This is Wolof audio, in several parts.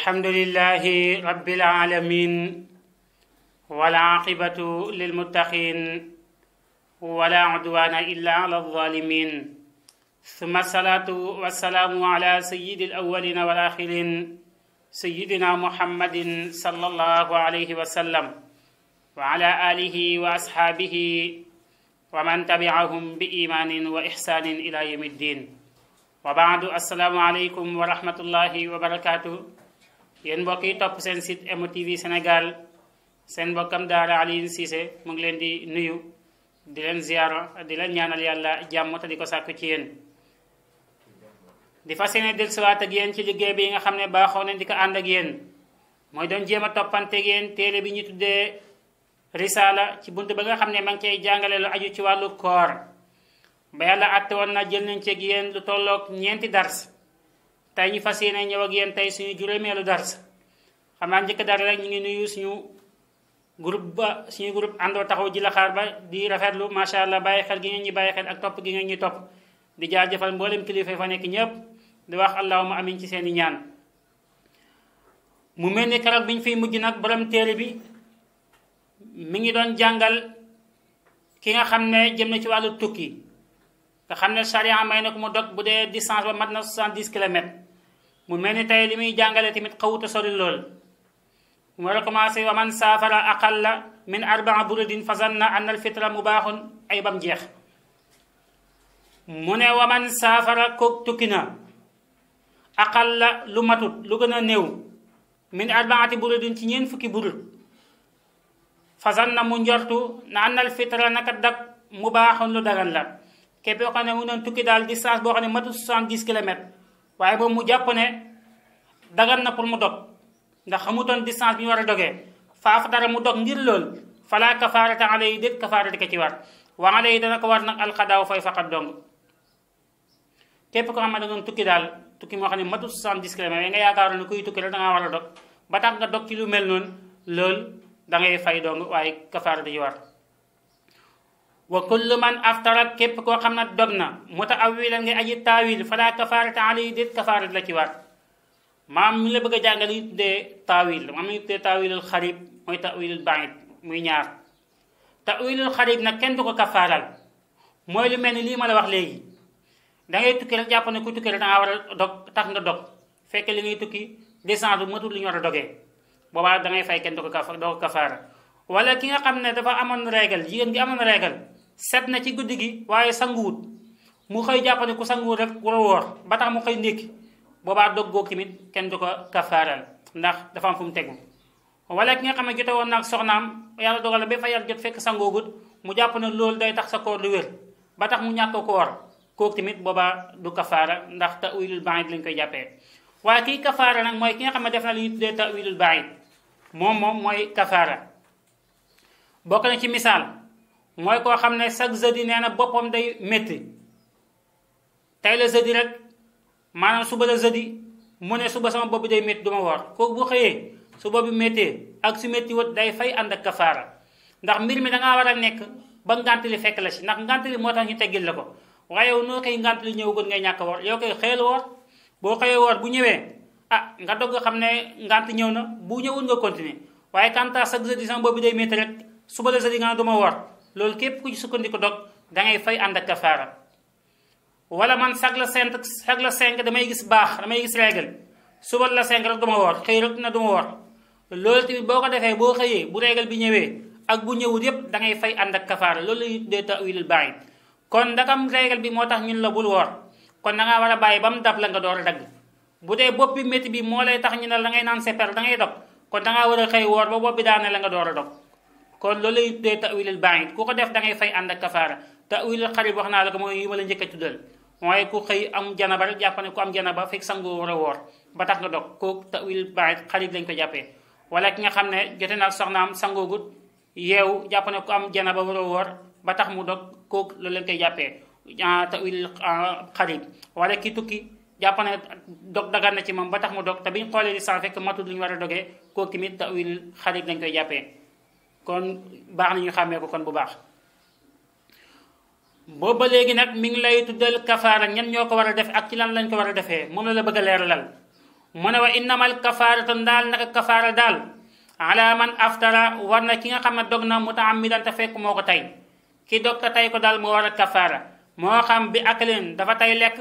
الحمد لله رب العالمين والعاقبة للمتقين ولا عدوان إلا على الظالمين ثم الصلاة والسلام على سيد الأولين والآخرين سيدنا محمد صلى الله عليه وسلم وعلى آله وأصحابه ومن تبعهم بإيمان وإحسان إلى يوم الدين وبعد السلام عليكم ورحمة الله وبركاته yéen mbokk yi topp seen site MOTV Sénégal seen mbokkam daara Alioune Cissé mu ngi leen di nuyu di leen ziyaara di leen ñaanal yàlla jàmm te di ko sàkku ci yéen di fas yéene dellusiwaat ak yéen ci liggéey bi yi nga xam ne baaxoo nañ di ko ànd ak yéen mooy doon jéem a toppante ak yéen téere bi ñu tuddee risaala ci bunt ba nga xam ne ma ngi cay jàngale lu aju ci wàllu koor ba yàlla àtte woon na jël nañ ci ak yéen lu tolloog ñeenti dars tey ñi fas yéene ñëw ak yéen tey suñu juróomeelu dars xam naa njëkk dara rek ñu ngi nuyu suñu groupe ba suñu groupe àndoo taxaw ji la xaar ba di rafetlu macha allah bàyyi xel gi ngeen ñi bàyyi xel ak topp gi ngeen ñi topp di jaajëfal mboolem kilifa fa nekk ñëpp di wax allahuma amin ci seen i ñaan. mu mel ni keroog bi ñu fiy mujj nag borom téere bi mi ngi doon jàngal ki nga xam ne jëm na ci wàllu tukki. nga xam ne charia may na ko mu dog bu dee distance ba mat na 70 kilomètres mu mel ni tey li muy jàngale tamit xawut a sori lool mu war a commencé wa man saafara aqalla min arbaa buradin fa zanna anna alfitra ay bam jeex mu ne wa man saafara kook tukki na aqalla lu matut lu gën a néew min arbaati buradin ci ñeen fukki burud fa zanna mu njortu na anna alfitra naka dak mubaaxun lu dagan la képp yoo xam ne mu doon tukki daal distance boo xam ne matul 70 kilomètres waaye boobu mu jàpp ne dagan na pour mu dog ndax xamutoon distance bi ñu war a dogee faafa dara mu dog ngir lool falaa kafaarata alayhi déet kafaarata ka ci war wa alayhi dana ko war nag alxadaaw fay faqat dong képp ko xam ne da doon tukki daal tukki moo xam ne matul 70 kilomètres nga yaakaaroon ne kuy tukki rek da ngaa war a dog ba tax nga dog ci lu mel noonu lool da ngay fay dong waaye kafaarata ji war wa kullu man aftara képp koo xam ne dog na mutaawilan tax aji taawil fala kafaarata alayhi déet la ci waat maam mi a jàngal li ñu tuddee taawil maam li ñu tuddee taawilul mooy taawilul baid muy ñaar taawilul nag kenn du ko kafaaral mooy lu mel ni lii ma wax léegi da ngay tukki jàpp ne ku tukki rek da tax nga dog fekk li ngay tukki distance bu matul lu ñu war a dogee boobaa da ngay fay kenn du kafaara wala ki nga xam ne dafa amoon régal jigéen gi amoon régal set na ci guddi gi waaye sanguwut mu xëy jàpp ne ku sanguwut rek war a woor ba tax mu xëy ndékki booba dog goog tamit kenn du ko kafaaral ndax dafa fu mu tegu wala ki nga xam ne jote woon naag soxnaam yàlla dogal na ba fayal jot fekk sangoogut mu jàpp ne loolu day tax sa koor du wér ba tax mu ñàkk ko war kooku tamit boobaa du kafaara ndax tawilul baid lañ koy jàppee waaye kii kafaara nag mooy ki nga xam ne def na li ñu tuddee tawilul baid moom moo mooy ci misaal mooy koo xam ne chaque jeudi nee na boppam day métti tey la jeudi rek maanaam suba la jeudi mu ne suba sama bopp day métti du ma woor kooku bu xëyee su bopp bi ak su métti wat day fay ànd ak kafaara ndax mbir mi da war a nekk ba ngant li fekk la si ndax ngant li moo tax ñu teggil la ko waaye yow noo koy ngant ñëw ñëwagul ngay ñàkk woor yow koy xëyal woor boo xëyee woor bu ñëwee ah nga dogg xam ne ngant ñëw na bu ñëwul nga continuer waaye quant à chaque jeudi day métti rek suba la jeudi nga ne du loolu képp ku sukkandiku dog da ngay fay ànd ak kafaara wala man sag la cinq sag la cinq damay gis baax damay gis règle suba la cinq rek du ma woor xëy rek na du ma woor loolu tamit boo ko defee boo xëyee bu règle bi ñëwee ak bu ñëwut yëpp da ngay fay ànd ak kafaara loolu lañuy tuddee tawilul baid kon ndakam règle bi moo tax ñun la bul woor kon da ngaa war a bàyyi ba mu dab la nga door a dagg bu dee bopp bi métti bi moo lay tax ñu ne la ngay naan separ da ngay dog kon da ngaa war a xëy woor ba bopp bi daane la nga door a kon loolu lay tuddee tawilul baid ku ko def da ngay fay ànd ak kafaara tawilul xarib wax naa la ko mooy yi ma la njëkk a tuddal mooy ku xëy am janaba rek jàpp ne ku am janaba fekk sangu war a woor ba tax nga dog kooku tawilul baid xarib lañ ko jàppee wala ki nga xam ne jote naa soxnaam sangoogut yeew jàpp ne ku am janaba war a woor ba tax mu dog kook loolu lañ koy jàppee ah, tawilul ah, xarib wala ki tukki jàpp ne dog dagan na ci moom ba tax mu dog te biñ xoolee di san fekk matul lu ñu war a dogee kooku tamit tawil xarib lañ koy jàppee kon baax nañu ñu xàmmee ko kon bu baax booba léegi nag mi ngi lay tuddal kafaara ñen ñoo ko war a def ak ci lan lañ ko war a defee moom la la bëgg a leeralal mu ne wa innamal kafaaratu daal naka kafaara daal ala man aftara war na ki nga xam ne dog na mutaammidan te fekk moo ko tey ki dog te tey ko daal moo war a kafaara moo xam bi akalin dafa tey lekk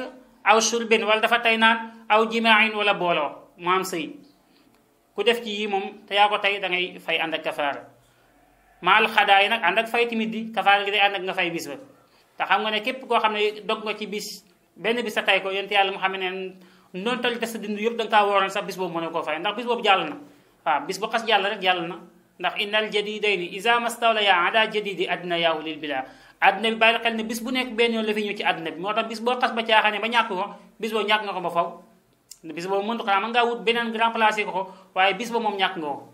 aw surbin wala dafa tey naan aw jimaain wala booloo mu am sëy ku def ci yii moom te ànd ak maal xadaa yi nag ànd ak fay timit di kafaara gi day ànd ak nga fay bis ba te xam ne képp koo xam ne dog nga ci bis benn bis sa tay ko yonent yàlla mu xam ne noonu tali te sa dund na koo fay ndax bis boobu jàll na waaw na ndax innal jadidayni iza mastawla yaa ada jadidi addina yaahu lil bi bàyyi xel ñàkk nga ko ba faw bis boobu mënut ko mën ngaa wut beneen grand placé ko waaye bis ba moom ñàkk nga ko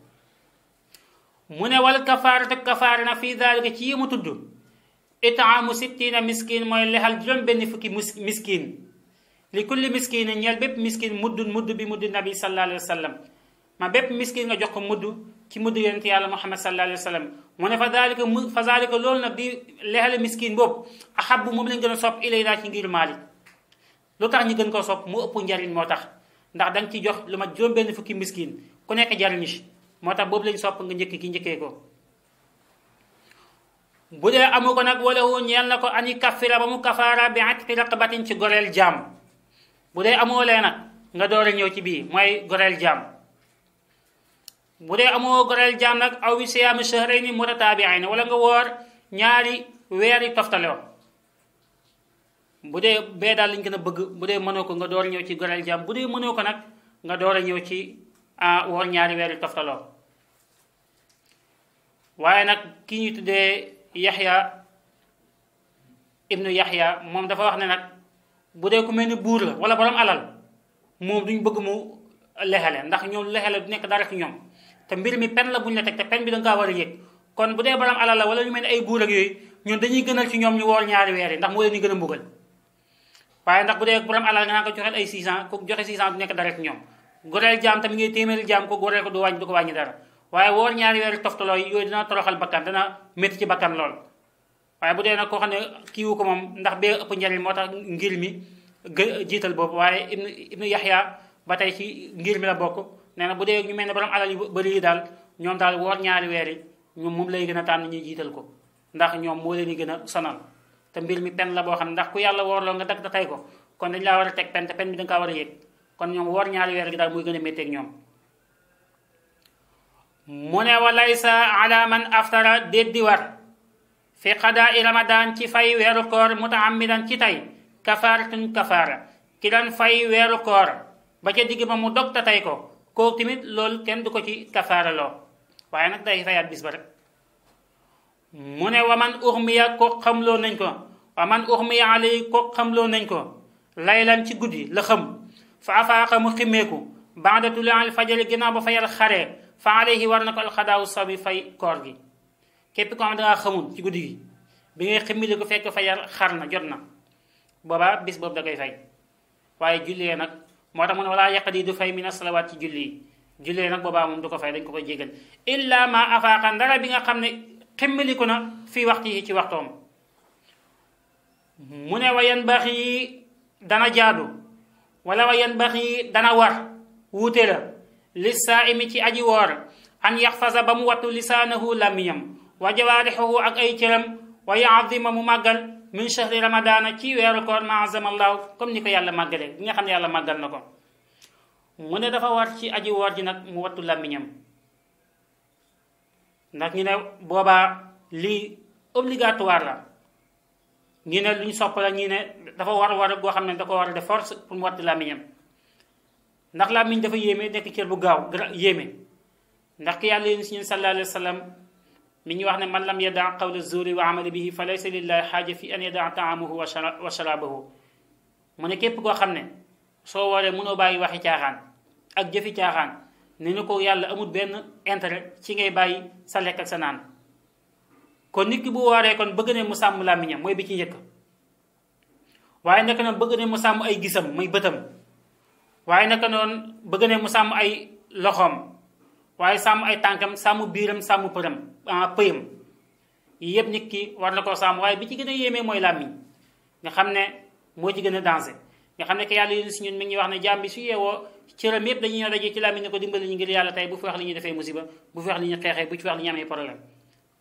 mu ne wal kafaaratu kafaara na fii daalika ci yi mu tudd itaamu sittiina miskin mooy lexal juróom benn fukki miskin li kulli miskin ñeel bépp miskin mudd mudd bi mudd nabi sallallahu alayhi sallam ma bépp miskin nga jox ko mudd ci mudd yonent yàlla muhammad sallallahu alayhi wa sallam mu ne fa daalika mu fa daalika loolu nag di lexal miskin boobu axabbu moom lañ gën a sopp ilay naa ci ngir maalik lu tax ñu gën koo sopp mu ëpp njariñ moo tax ndax da nga ci jox lu ma juróom benn fukki miskin ku nekk jariñ ci moo tax boobu lañu sopp nga njëkk ki njëkkee ko bu dee amu ko nag walahu ñeel na ko ani kafira ba mu kafaara bi atqi raqabatin ci goreel jaam bu amoo lee nag nga door a ñëw ci bii mooy goreel jàmm bu dee amoo goreel jaam nag aw ni bi siyaami shahrayni na wala nga woor ñaari weeri toftaloo bu dee bee daal lañ gën a bëgg bu dee mënoo ko nga door a ci goreel jaam bu dee mënoo ko nag nga door a ñëw ci ah, woor ñaari weeri toftaloo waaye nag ki ñu tuddee yaxya ibnu yaxya moom dafa wax ne nag bu dee ku mel ni buur la wala borom alal moom duñ bëgg mu lexale ndax ñoom lexale du nekk dara ci ñoom te mbir mi pen la buñ la teg te pen bi da nga war a yëg kon bu dee borom alal la wala ñu mel ni ay buur ak yooyu ñun dañuy gënal ci ñoom ñu woor ñaari weer yi ndax moo leen ñu a mbugal waaye ndax bu dee borom alal nga naan ko joxeel ay 600 ku joxe 600 du nekk dara ci ñoom goreel jaam tamit ngay ko wàññi du waaye woor ñaari weeru toftaloo yi yooyu dina toroxal bakkan dana métti ci bakkan lool waaye bu dee nag koo xam ne kiiwu ko moom ndax bee ëpp njariñ moo tax ngir mi gë jiital boobu waaye ibnu ibnu yaxya ba tey ci ngir mi la bokk nee na bu dee ñu mel ne borom alal yu bëri yi daal ñoom daal woor ñaari weer yi ñoom moom lay gën a tànn ñuy jiital ko ndax ñoom moo leen di gën a sonal te mbir mi pen la boo xam ne ndax ku yàlla woorloo nga dag da tey ko kon dañ laa war a teg pen te pen bi da nga kaa war a yëg kon ñoom woor ñaari weer gi daal muy gën a métteeg mu ne walaysa ala man aftara déddi war fi qadaa'i ramadan ci fay weeru koor mutaammidan ci tey kafaaratun kafaara ki daan fay weeru koor ba ca digg ba mu dog ta tey ko kooku tamit loolu kenn du ko ci kafaara waaye nag day fayaat bis ba rek mu ne waman uxmiya ko xamloo nañ ko waman nañ ko laylan ci guddi la xam fa mu ximmeeku baada tuluu'il fajari ginnaaw ba fayal xare fa alayhi war na ko alxadaawu sawmi fay koor gi képp ko xam dangaa xamul ci guddi gi bi ngay ximmili ko fekk fa yar xar na jot na boobaa bis boobu da koy fay waaye jullee nag moo tax mu ne walaa yaqdi du fay min asalawaat ci julli yi jullee nag ko fay dañ ko koy jégal illa ma bi nga xam ne ximmiliku na fii waxtu yi ci waxtoom mu ne baax yi dana jaadu wala wayan baax yi dana war wuute la li saaimi ci aji woor an yaxfasa ba mu wattu lisaanahu làmmiñam wa jawaarixahu ak ay cëram wa yaazima mu màggal min shahri ramadaana ci weeru koor ma azama allahu comme ni ko yàlla màggalee bi nga xam ne yàlla màggal na ko mu ne dafa war ci aji woor ji nag mu wattu làmmiñam ndax ñu ne boobaa lii obligatoire la ñu ne luñ sopp la ñu ne dafa war war goo xam ne da war a def force pour mu wattu làmmiñam ndax làmmiñ dafa yéeme nekk cër bu gaaw yéeme ndax ki yàlla yéen si ñun sallallahu alayhi wa wax ne man lam yadaa qawla zuuri wa amala bihi fa laysa lillahi xaaja fi an yadaa taamahu wa sharaabahu mu ne képp koo xam ne soo waree mënoo bàyyi waxi caaxaan ak jëfi caaxaan ne ni ko yàlla amul benn intérêt ci ngay bàyyi sa lekk sa naan kon nit ki bu waree kon bëgg ne mu sàmm làmmiñam mooy bi ci njëkk waaye nekk na bëgg ne mu sàmm ay gisam muy bëtam waaye naka noonu bëgg ne mu sàmm ay loxoom waaye sàmm ay tànkam sàmm biiram sàmm përam ah, pëyam yii yëpp nit ki war na koo sàmm waaye bi ci gën a yéemee mooy làmmiñ nga xam ne moo ci gën a danger nga xam ne ke yàlla yéen si ñun mi ngi wax ne jaam su yeewoo cëram yëpp dañuy ñoo dajee ci làmmiñ ne ko dimbali ñu ngir yàlla tey bu fi wax li ñuy defee musiba bu fi wax li ñuy xeexee bu ci li ñu amee problème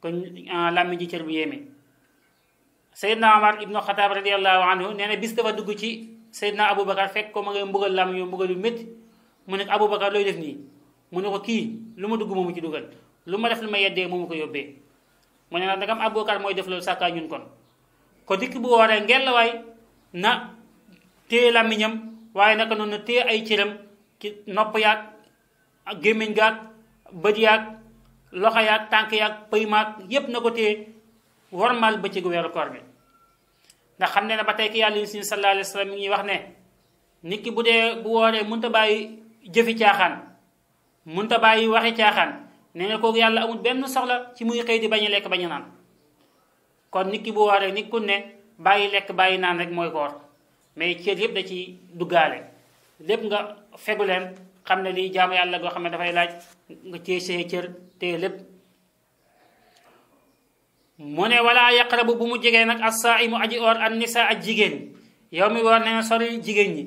kon ah, làmmiñ ji cër bu yéemee Seydina na bis dafa dugg ci Seydina Aboubacar fekk ko ma ngay mbugal lam yow mbugal yu métti mu ne ko looy def nii mu ne ko kii lu ma dugg moomu ci dugal lu ma def lu ma yeddee ma ko yóbbee mu ne nag ndagam Aboubacar mooy def loolu sàkkaa ñun kon ko dikk bu waree ngel waay na téye làmmiñam waaye naka noonu na téye ay cëram nopp yaag gémmiñ gaag bët yaag loxo yaag tànk yaag pëy maag yépp na ko téye warmal bëccëgu weeru koor bi ndax xam ne na ba tey ki yàlla si sallallahu alayhi wa sallam mi ngi wax ne nit ki bu dee bu wooree mënut a bàyyi jëfi caaxaan mënut a bàyyi waxi caaxaan nee na kooku yàlla amul benn soxla ci muy xëy di bañ lekk bañ a naan kon nit ki bu wooree nit ku ne bàyyi lekk bàyyi naan rek mooy koor mais cër yëpp da ci duggaale lépp nga fegu leen xam ne lii jaamu yàlla goo xam ne dafay laaj nga téye say cër te lépp. mu ne wala yaqrabu bu mu jegee nag as-saa'imu aji oor an nisaa ak jigéen yow mi woor nee na sori jigéen ñi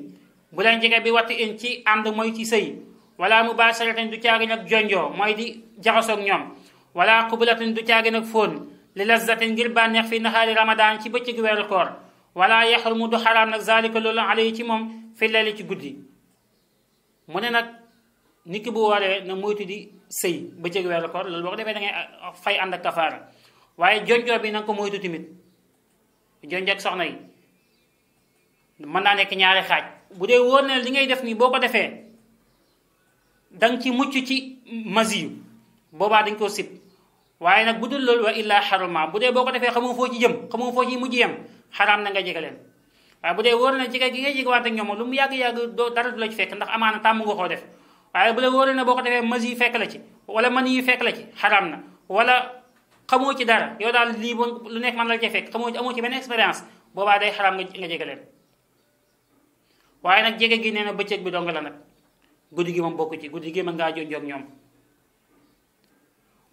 bu leen jege bi watti in ci ànd mooy ci sëy wala mubaasharatan du caagin ak jonjoo mooy di jaxasoog ñoom wala qublatin du caagin nag fóon li lazzatin ngir bànneex fi naxaari ramadaan ci bëccëg weeru koor wala yaxrumu du xaraam nag zalika loolu alayhi ci moom fi leeli ci guddi mu ne nag nit ki bu wooree na moytu di sëy bëccëg weeru koor loolu boo ko waaye jonjoo bi na nga ko moytu tamit jonj ak soxna yi mën naa nekk ñaari xaaj bu dee wóor na li ngay def nii boo ko defee danga ci mucc ci masiyu boobaa dañ koo sib waaye nag bu dul loolu wa illaa xaruma bu dee boo ko defee xamoo foo ci jëm xamoo foo ci mujj na nga jege leen waaye bu dee wóor na jege gi ngay jegewaat ak ñoom lu mu yàgg-yàgg doo dara du la fekk ndax amaana tàmm nga koo def waaye bu la wóor na boo ko defee masiyu fekk la ci wala man yi fekk la ci xaraam na wala xamoo ci dara yow daal lii ba lu nekk man la cee fekk xamoo ci amoo ci benn expérience boobaa day xaram nga jege leen waaye nag jege gi nee na bëccëg bi dong la nag guddi gi moom bokku ci guddi gi mën ngaa jonjoog ñoom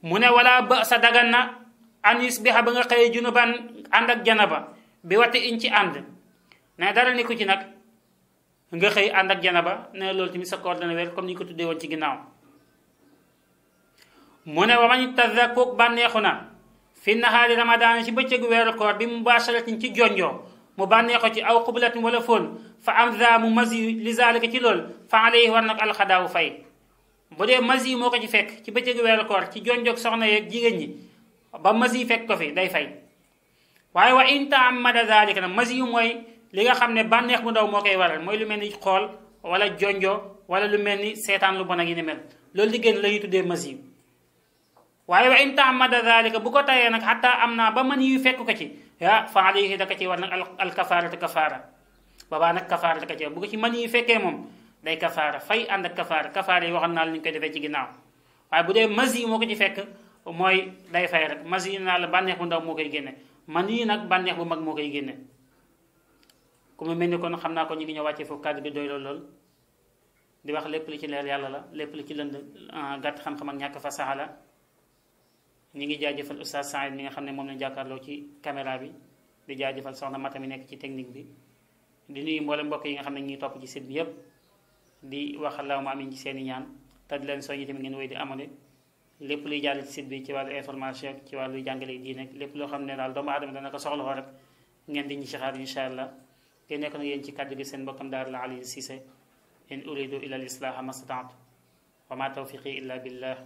mu ne wala ba sa dagan na an yusbiha ba nga xëye junuban ànd ak janaba bi wati in ci ànd ne dara ni ku ci nag nga xëy ànd ak ba ne loolu tamit sa koor dana wér comme ni ñu ko tuddee woon ci ginnaaw mu ne wa man tazakuk bànneexu na fi nahaari ramadaan ci bëccëgu weeru koor bi mubasharatin ci jonjoo mu bànneexu ci aw xublatin wala fóon fa am za mu masiyu li zalika ci lool fa alayhi war na ko alxadaawu fay bu dee masiyu moo ko ci fekk ci bëccëgu weeru ci jonjoog soxna yeeg jigéen ñi ba masiyu fekk ko fi day fay waaye wa in taamada zalika na masiyu mooy li nga xam ne bànneex bu ndaw moo koy waral mooy lu mel ni xool wala jonjo wala lu mel ni seetaan lu bon ak yi ne mel loolu di génn la ñuy tuddee masiyu waaye wa in taamada dalika bu ko tayee nag xataa am naa ba man yu fekk ko ci ah fa alayhi da ka ci war nag al kafaaratu kafaara boobaa nag kafaara da ka ci war bu ko ci man yu fekkee moom day kafaara fay ànd ak kafaara kafaara yi waxoon naa la ñu koy defee ci ginnaaw waaye bu dee mas yi moo ko ci fekk mooy day fay rek mas naa la bànneex bu ndaw moo koy génne man yi nag bànneex bu mag moo koy génne ku mu mel ni kon xam naa ko ñu ngi ñëw wàccee foofu kàddu bi doy lool di wax lépp li ci leer yàlla la lépp li ci lënd ah, gàtt xam-xam ak ñàkk ñi ngi jaajëfal oustaz Saïd mi nga xam ne moom lañu jàkkaarloo ci caméra bi di jaajëfal soxna Mata mi nekk ci technique bi di nuyu mboolem mbokk yi nga xam ne ñuy topp ci site bi yépp di wax allahumma amin ci seen i ñaan te di leen soññi tamit ngeen wéy di amale lépp luy jàll ci site bi ci wàllu information ci wàllu jàngale diine nag lépp loo xam ne daal doomu aadama dana ko soxla woo rek ngeen di ñu ci xaar incha allah te nekk na yéen ci kàddu gi seen mbokkam daara la Aliou Cissé in uridu ila al islaha mastata'tu wa ma